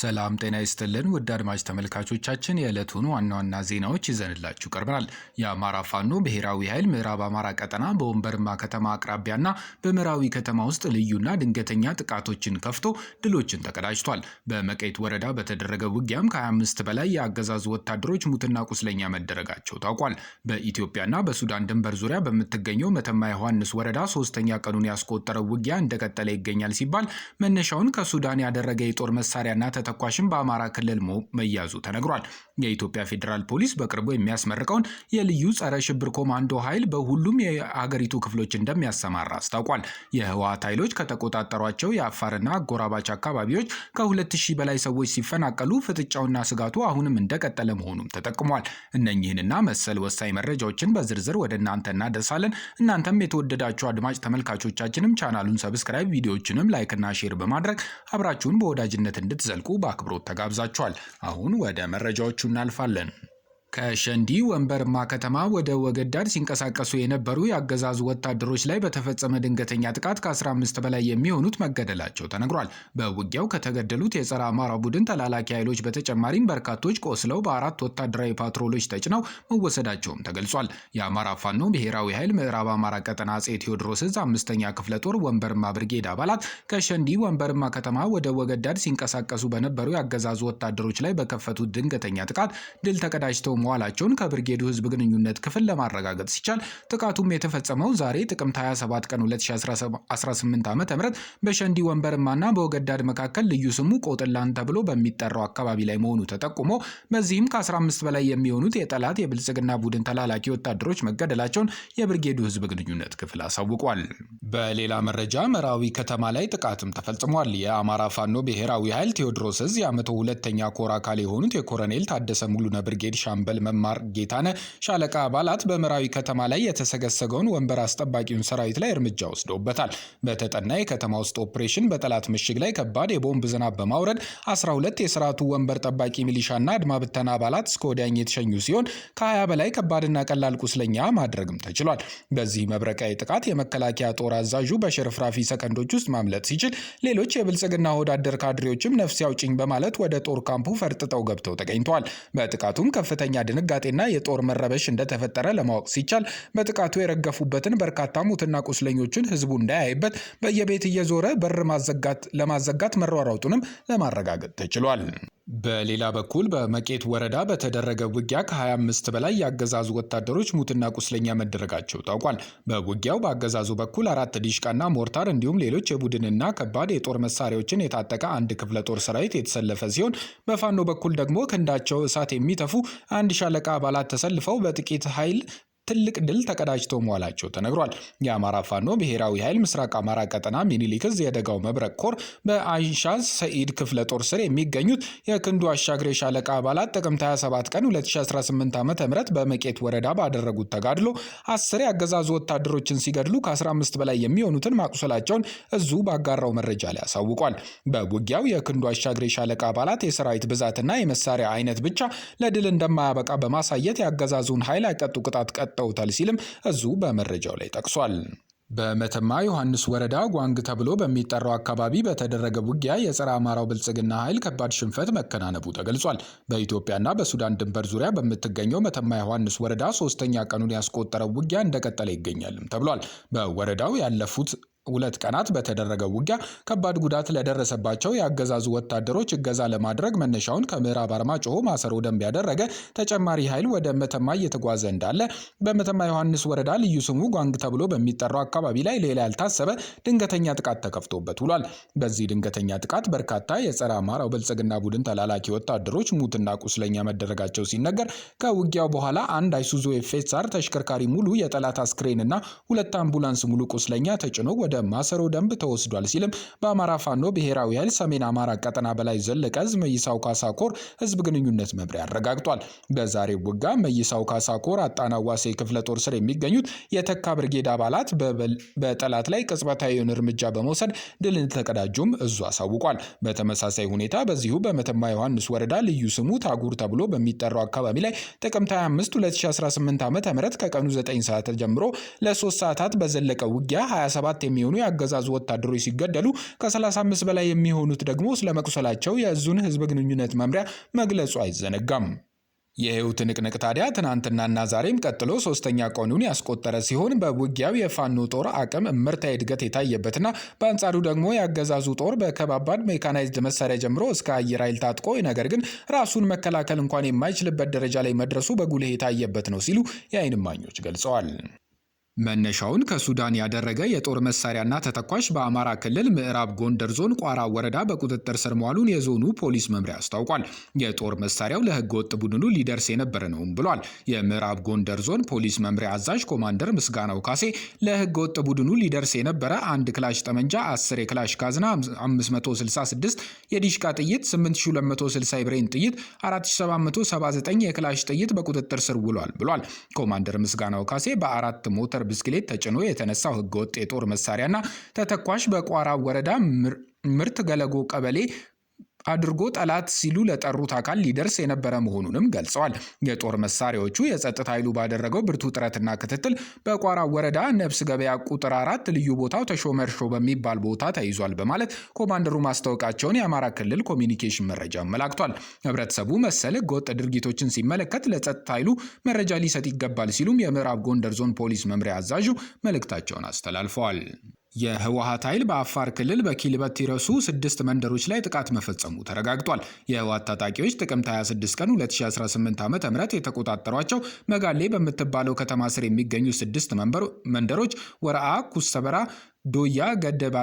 ሰላም ጤና ይስጥልን ውድ አድማጭ ተመልካቾቻችን የዕለቱን ዋና ዋና ዜናዎች ይዘንላችሁ ቀርበናል። የአማራ ፋኖ ብሔራዊ ኃይል ምዕራብ አማራ ቀጠና በወንበርማ ከተማ አቅራቢያና በምዕራዊ ከተማ ውስጥ ልዩና ድንገተኛ ጥቃቶችን ከፍቶ ድሎችን ተቀዳጅቷል። በመቀይት ወረዳ በተደረገ ውጊያም ከ25 በላይ የአገዛዙ ወታደሮች ሙትና ቁስለኛ መደረጋቸው ታውቋል። በኢትዮጵያና በሱዳን ድንበር ዙሪያ በምትገኘው መተማ ዮሐንስ ወረዳ ሶስተኛ ቀኑን ያስቆጠረው ውጊያ እንደቀጠለ ይገኛል ሲባል መነሻውን ከሱዳን ያደረገ የጦር መሳሪያና ተተኳሽም በአማራ ክልል መያዙ ተነግሯል። የኢትዮጵያ ፌዴራል ፖሊስ በቅርቡ የሚያስመርቀውን የልዩ ጸረ ሽብር ኮማንዶ ኃይል በሁሉም የአገሪቱ ክፍሎች እንደሚያሰማራ አስታውቋል። የህወሓት ኃይሎች ከተቆጣጠሯቸው የአፋርና አጎራባች አካባቢዎች ከ2000 በላይ ሰዎች ሲፈናቀሉ ፍጥጫውና ስጋቱ አሁንም እንደቀጠለ መሆኑም ተጠቅሟል። እነኚህንና መሰል ወሳኝ መረጃዎችን በዝርዝር ወደ እናንተ እናደርሳለን። እናንተም የተወደዳችሁ አድማጭ ተመልካቾቻችንም ቻናሉን ሰብስክራይብ፣ ቪዲዮዎችንም ላይክና ሼር በማድረግ አብራችሁን በወዳጅነት እንድትዘልቁ በአክብሮት ተጋብዛችኋል። አሁን ወደ መረጃዎቹ እናልፋለን። ከሸንዲ ወንበርማ ከተማ ወደ ወገዳድ ሲንቀሳቀሱ የነበሩ የአገዛዙ ወታደሮች ላይ በተፈጸመ ድንገተኛ ጥቃት ከ15 በላይ የሚሆኑት መገደላቸው ተነግሯል። በውጊያው ከተገደሉት የጸረ አማራ ቡድን ተላላኪ ኃይሎች በተጨማሪም በርካቶች ቆስለው በአራት ወታደራዊ ፓትሮሎች ተጭነው መወሰዳቸውም ተገልጿል። የአማራ ፋኖ ብሔራዊ ኃይል ምዕራብ አማራ ቀጠና አጼ ቴዎድሮስ ዕዝ አምስተኛ ክፍለ ጦር ወንበርማ ብርጌድ አባላት ከሸንዲ ወንበርማ ከተማ ወደ ወገዳድ ሲንቀሳቀሱ በነበሩ የአገዛዙ ወታደሮች ላይ በከፈቱት ድንገተኛ ጥቃት ድል ተቀዳጅተው መዋላቸውን ከብርጌዱ ህዝብ ግንኙነት ክፍል ለማረጋገጥ ሲቻል ጥቃቱም የተፈጸመው ዛሬ ጥቅምት 27 ቀን 2018 ዓ ም በሸንዲ ወንበርማና በወገዳድ መካከል ልዩ ስሙ ቆጥላን ተብሎ በሚጠራው አካባቢ ላይ መሆኑ ተጠቁሞ በዚህም ከ15 በላይ የሚሆኑት የጠላት የብልጽግና ቡድን ተላላኪ ወታደሮች መገደላቸውን የብርጌዱ ህዝብ ግንኙነት ክፍል አሳውቋል። በሌላ መረጃ መራዊ ከተማ ላይ ጥቃትም ተፈጽሟል። የአማራ ፋኖ ብሔራዊ ኃይል ቴዎድሮስ እዝ የአመቶ ሁለተኛ ኮር አካል የሆኑት የኮረኔል ታደሰ ሙሉነ ብርጌድ ሻምበል በመቀበል መማር ጌታነ ሻለቃ አባላት በመራዊ ከተማ ላይ የተሰገሰገውን ወንበር አስጠባቂውን ሰራዊት ላይ እርምጃ ወስደውበታል። በተጠና የከተማ ውስጥ ኦፕሬሽን በጠላት ምሽግ ላይ ከባድ የቦምብ ዝናብ በማውረድ 12 የስርዓቱ ወንበር ጠባቂ ሚሊሻና አድማ ብተና አባላት እስከ ወዲያኝ የተሸኙ ሲሆን ከ20 በላይ ከባድና ቀላል ቁስለኛ ማድረግም ተችሏል። በዚህ መብረቃዊ ጥቃት የመከላከያ ጦር አዛዡ በሽርፍራፊ ሰከንዶች ውስጥ ማምለጥ ሲችል፣ ሌሎች የብልጽግና ወዳደር ካድሬዎችም ነፍስ ጭኝ በማለት ወደ ጦር ካምፑ ፈርጥጠው ገብተው ተገኝተዋል። በጥቃቱም ከፍተኛ ድንጋጤና የጦር መረበሽ እንደተፈጠረ ለማወቅ ሲቻል በጥቃቱ የረገፉበትን በርካታ ሙትና ቁስለኞችን ህዝቡ እንዳያይበት በየቤት እየዞረ በር ለማዘጋት መሯሯጡንም ለማረጋገጥ ተችሏል። በሌላ በኩል በመቄት ወረዳ በተደረገ ውጊያ ከ25 በላይ የአገዛዙ ወታደሮች ሙትና ቁስለኛ መደረጋቸው ታውቋል። በውጊያው በአገዛዙ በኩል አራት ዲሽቃና ሞርታር እንዲሁም ሌሎች የቡድንና ከባድ የጦር መሳሪያዎችን የታጠቀ አንድ ክፍለ ጦር ሰራዊት የተሰለፈ ሲሆን በፋኖ በኩል ደግሞ ክንዳቸው እሳት የሚተፉ አንድ ሻለቃ አባላት ተሰልፈው በጥቂት ኃይል ትልቅ ድል ተቀዳጅቶ መዋላቸው ተነግሯል። የአማራ ፋኖ ብሔራዊ ኃይል ምስራቅ አማራ ቀጠና ሚኒሊክዝ የደጋው መብረቅ ኮር በአይሻ ሰኢድ ክፍለ ጦር ስር የሚገኙት የክንዱ አሻግሬ ሻለቃ አባላት ጥቅምት 27 ቀን 2018 ዓ ም በመቄት ወረዳ ባደረጉት ተጋድሎ አስር የአገዛዙ ወታደሮችን ሲገድሉ ከ15 በላይ የሚሆኑትን ማቁሰላቸውን እዙ ባጋራው መረጃ ላይ አሳውቋል። በውጊያው የክንዱ አሻግሬ ሻለቃ አባላት የሰራዊት ብዛትና የመሳሪያ አይነት ብቻ ለድል እንደማያበቃ በማሳየት የአገዛዙን ኃይል አይቀጡ ቅጣት ቀጠውታል ሲልም እዙ በመረጃው ላይ ጠቅሷል። በመተማ ዮሐንስ ወረዳ ጓንግ ተብሎ በሚጠራው አካባቢ በተደረገ ውጊያ የጸረ አማራው ብልጽግና ኃይል ከባድ ሽንፈት መከናነቡ ተገልጿል። በኢትዮጵያና በሱዳን ድንበር ዙሪያ በምትገኘው መተማ ዮሐንስ ወረዳ ሶስተኛ ቀኑን ያስቆጠረው ውጊያ እንደቀጠለ ይገኛልም ተብሏል። በወረዳው ያለፉት ሁለት ቀናት በተደረገው ውጊያ ከባድ ጉዳት ለደረሰባቸው የአገዛዙ ወታደሮች እገዛ ለማድረግ መነሻውን ከምዕራብ አርማጭሆ ማሰሮ ደንብ ያደረገ ተጨማሪ ኃይል ወደ መተማ እየተጓዘ እንዳለ በመተማ ዮሐንስ ወረዳ ልዩ ስሙ ጓንግ ተብሎ በሚጠራው አካባቢ ላይ ሌላ ያልታሰበ ድንገተኛ ጥቃት ተከፍቶበት ውሏል። በዚህ ድንገተኛ ጥቃት በርካታ የጸረ አማራው ብልጽግና ቡድን ተላላኪ ወታደሮች ሙትና ቁስለኛ መደረጋቸው ሲነገር ከውጊያው በኋላ አንድ አይሱዙ ኤፌሳር ተሽከርካሪ ሙሉ የጠላት አስክሬን እና ሁለት አምቡላንስ ሙሉ ቁስለኛ ተጭኖ ወደ ወደ ማሰሮ ደንብ ተወስዷል ሲልም በአማራ ፋኖ ብሔራዊ ኃይል ሰሜን አማራ ቀጠና በላይ ዘለቀ ህዝብ መይሳው ካሳኮር ህዝብ ግንኙነት መምሪያ አረጋግጧል። በዛሬው ውጊያ መይሳው ካሳኮር አጣናዋሴ ክፍለ ጦር ስር የሚገኙት የተካ ብርጌድ አባላት በጠላት ላይ ቅጽበታዊውን እርምጃ በመውሰድ ድል እንደተቀዳጁም እዙ አሳውቋል። በተመሳሳይ ሁኔታ በዚሁ በመተማ ዮሐንስ ወረዳ ልዩ ስሙ ታጉር ተብሎ በሚጠራው አካባቢ ላይ ጥቅምት 25 2018 ዓ ም ከቀኑ 9 ሰዓት ጀምሮ ለሶስት ሰዓታት በዘለቀ ውጊያ 27 የሚሆ የሚሆኑ የአገዛዙ ወታደሮች ሲገደሉ ከ35 በላይ የሚሆኑት ደግሞ ስለመቁሰላቸው የእዙን ህዝብ ግንኙነት መምሪያ መግለጹ አይዘነጋም። የህይወት ትንቅንቅ ታዲያ ትናንትናና ዛሬም ቀጥሎ ሶስተኛ ቀኑን ያስቆጠረ ሲሆን በውጊያው የፋኖ ጦር አቅም ምርታ እድገት የታየበትና በአንጻሩ ደግሞ ያገዛዙ ጦር በከባባድ ሜካናይዝድ መሳሪያ ጀምሮ እስከ አየር ኃይል ታጥቆ ነገር ግን ራሱን መከላከል እንኳን የማይችልበት ደረጃ ላይ መድረሱ በጉልህ የታየበት ነው ሲሉ የአይን እማኞች ገልጸዋል። መነሻውን ከሱዳን ያደረገ የጦር መሳሪያና ተተኳሽ በአማራ ክልል ምዕራብ ጎንደር ዞን ቋራ ወረዳ በቁጥጥር ስር መዋሉን የዞኑ ፖሊስ መምሪያ አስታውቋል። የጦር መሳሪያው ለህገ ወጥ ቡድኑ ሊደርስ የነበረ ነውም ብሏል። የምዕራብ ጎንደር ዞን ፖሊስ መምሪያ አዛዥ ኮማንደር ምስጋናው ካሴ ለህገ ወጥ ቡድኑ ሊደርስ የነበረ አንድ ክላሽ ጠመንጃ፣ 10 የክላሽ ካዝና፣ 566 የዲሽቃ ጥይት፣ 8260 የብሬን ጥይት፣ 4779 የክላሽ ጥይት በቁጥጥር ስር ውሏል ብሏል። ኮማንደር ምስጋናው ካሴ በአራት ሞተር ብስክሌት ተጭኖ የተነሳው ህገወጥ የጦር መሳሪያና ተተኳሽ በቋራ ወረዳ ምርት ገለጎ ቀበሌ አድርጎ ጠላት ሲሉ ለጠሩት አካል ሊደርስ የነበረ መሆኑንም ገልጸዋል። የጦር መሳሪያዎቹ የጸጥታ ኃይሉ ባደረገው ብርቱ ጥረትና ክትትል በቋራ ወረዳ ነብስ ገበያ ቁጥር አራት ልዩ ቦታው ተሾመርሾ በሚባል ቦታ ተይዟል በማለት ኮማንደሩ ማስታወቃቸውን የአማራ ክልል ኮሚኒኬሽን መረጃ አመላክቷል። ህብረተሰቡ መሰል ህገወጥ ድርጊቶችን ሲመለከት ለጸጥታ ኃይሉ መረጃ ሊሰጥ ይገባል ሲሉም የምዕራብ ጎንደር ዞን ፖሊስ መምሪያ አዛዡ መልእክታቸውን አስተላልፈዋል። የህወሀት ኃይል በአፋር ክልል በኪልበት ረሱ ስድስት መንደሮች ላይ ጥቃት መፈጸሙ ተረጋግጧል። የህወሀት ታጣቂዎች ጥቅምት 26 ቀን 2018 ዓ ም የተቆጣጠሯቸው መጋሌ በምትባለው ከተማ ስር የሚገኙ ስድስት መንደሮች ወረአ፣ ኩሰበራ፣ ዶያ ገደበ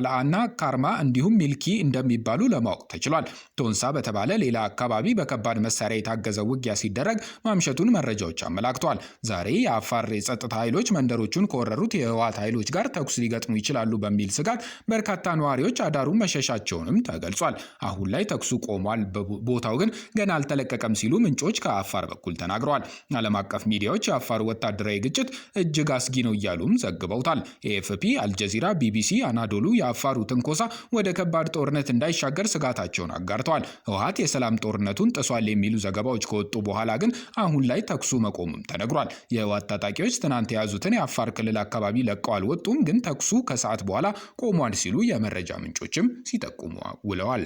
ካርማ እንዲሁም ሚልኪ እንደሚባሉ ለማወቅ ተችሏል። ቶንሳ በተባለ ሌላ አካባቢ በከባድ መሳሪያ የታገዘ ውጊያ ሲደረግ ማምሸቱን መረጃዎች አመላክተዋል። ዛሬ የአፋር የጸጥታ ኃይሎች መንደሮቹን ከወረሩት የህወሓት ኃይሎች ጋር ተኩስ ሊገጥሙ ይችላሉ በሚል ስጋት በርካታ ነዋሪዎች አዳሩ መሸሻቸውንም ተገልጿል። አሁን ላይ ተኩሱ ቆሟል፣ ቦታው ግን ገና አልተለቀቀም ሲሉ ምንጮች ከአፋር በኩል ተናግረዋል። ዓለም አቀፍ ሚዲያዎች የአፋር ወታደራዊ ግጭት እጅግ አስጊ ነው እያሉም ዘግበውታል። ኤኤፍፒ፣ አልጀዚራ፣ ቢ ቢቢሲ አናዶሉ የአፋሩ ትንኮሳ ወደ ከባድ ጦርነት እንዳይሻገር ስጋታቸውን አጋርተዋል። ህወሓት የሰላም ጦርነቱን ጥሷል የሚሉ ዘገባዎች ከወጡ በኋላ ግን አሁን ላይ ተኩሱ መቆሙም ተነግሯል። የህወሓት ታጣቂዎች ትናንት የያዙትን የአፋር ክልል አካባቢ ለቀው አልወጡም፣ ግን ተኩሱ ከሰዓት በኋላ ቆሟል ሲሉ የመረጃ ምንጮችም ሲጠቁሙ ውለዋል።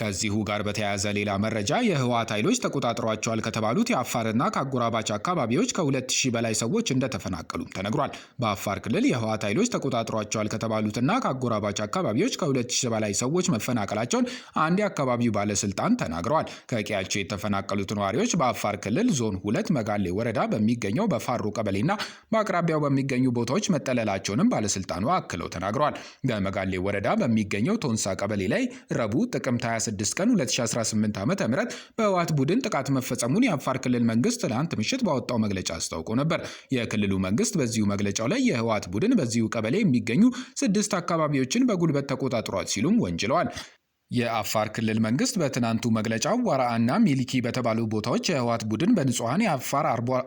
ከዚሁ ጋር በተያያዘ ሌላ መረጃ የህወሓት ኃይሎች ተቆጣጥሯቸዋል ከተባሉት የአፋርና ከአጎራባች አካባቢዎች ከ ሺህ በላይ ሰዎች እንደተፈናቀሉም ተነግሯል። በአፋር ክልል የህወሓት ኃይሎች ተቆጣጥሯቸዋል ከተባሉትና ከአጎራባች አካባቢዎች ከ 20 በላይ ሰዎች መፈናቀላቸውን አንድ የአካባቢው ባለስልጣን ተናግረዋል። ከቀያቸው የተፈናቀሉት ነዋሪዎች በአፋር ክልል ዞን ሁለት መጋሌ ወረዳ በሚገኘው በፋሩ ቀበሌና በአቅራቢያው በሚገኙ ቦታዎች መጠለላቸውንም ባለስልጣኑ አክለው ተናግረዋል። በመጋሌ ወረዳ በሚገኘው ቶንሳ ቀበሌ ላይ ረቡዕ ጥቅምት 26 26 ቀን 2018 ዓ ም በህወሓት ቡድን ጥቃት መፈጸሙን የአፋር ክልል መንግስት ትናንት ምሽት ባወጣው መግለጫ አስታውቆ ነበር። የክልሉ መንግስት በዚሁ መግለጫው ላይ የህወሓት ቡድን በዚሁ ቀበሌ የሚገኙ ስድስት አካባቢዎችን በጉልበት ተቆጣጥሯል ሲሉም ወንጅለዋል። የአፋር ክልል መንግስት በትናንቱ መግለጫው ዋራአና ሚሊኪ በተባሉ ቦታዎች የህወሓት ቡድን በንጹሐን የአፋር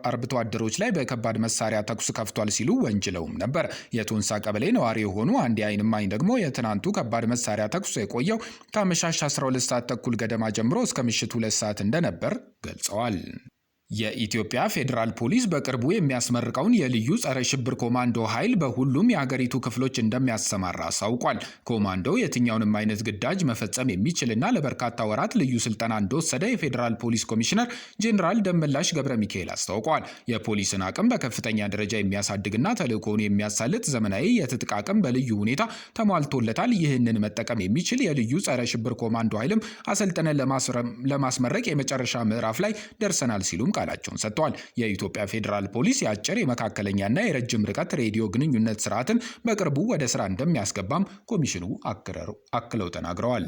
አርብቶ አደሮች ላይ በከባድ መሳሪያ ተኩስ ከፍቷል ሲሉ ወንጅለውም ነበር። የቱንሳ ቀበሌ ነዋሪ የሆኑ አንድ አይን እማኝ ደግሞ የትናንቱ ከባድ መሳሪያ ተኩስ የቆየው ከመሻሽ 12 ሰዓት ተኩል ገደማ ጀምሮ እስከ ምሽቱ 2 ሰዓት እንደነበር ገልጸዋል። የኢትዮጵያ ፌዴራል ፖሊስ በቅርቡ የሚያስመርቀውን የልዩ ጸረ ሽብር ኮማንዶ ኃይል በሁሉም የአገሪቱ ክፍሎች እንደሚያሰማራ አሳውቋል። ኮማንዶው የትኛውንም አይነት ግዳጅ መፈጸም የሚችልና ለበርካታ ወራት ልዩ ስልጠና እንደወሰደ የፌዴራል ፖሊስ ኮሚሽነር ጄኔራል ደመላሽ ገብረ ሚካኤል አስታውቀዋል። የፖሊስን አቅም በከፍተኛ ደረጃ የሚያሳድግና ተልእኮውን የሚያሳልጥ ዘመናዊ የትጥቅ አቅም በልዩ ሁኔታ ተሟልቶለታል። ይህንን መጠቀም የሚችል የልዩ ጸረ ሽብር ኮማንዶ ኃይልም አሰልጥነን ለማስመረቅ የመጨረሻ ምዕራፍ ላይ ደርሰናል ሲሉም ፈቃዳቸውን ሰጥተዋል። የኢትዮጵያ ፌዴራል ፖሊስ የአጭር የመካከለኛና የረጅም ርቀት ሬዲዮ ግንኙነት ስርዓትን በቅርቡ ወደ ስራ እንደሚያስገባም ኮሚሽኑ አክለው ተናግረዋል።